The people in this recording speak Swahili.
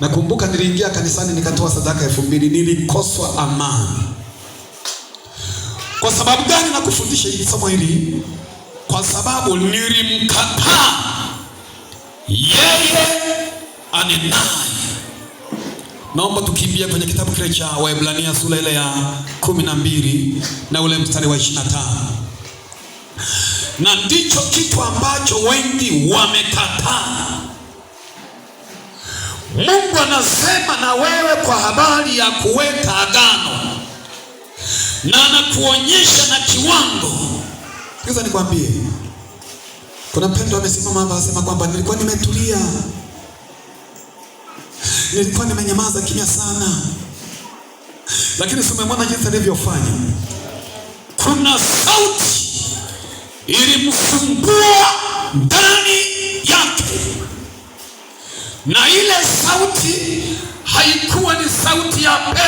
Nakumbuka niliingia kanisani nikatoa sadaka elfu mbili nilikoswa amani. Kwa sababu gani nakufundisha hili somo hili? Kwa sababu nilimkataa yeye anenaye. Naomba tukimbia kwenye kitabu kile cha Waebrania sura ile ya kumi na mbili na ule mstari wa ishirini na tano na ndicho kitu ambacho wengi wamekataa Mungu anasema na wewe kwa habari ya kuweka agano, na anakuonyesha na kiwango. Sasa nikwambie, kuna mpendo amesimama hapa anasema kwamba nilikuwa nimetulia, nilikuwa nimenyamaza kimya sana, lakini simemwona jinsi alivyofanya. Kuna sauti ilimfungua ndani na ile sauti haikuwa ni sauti ya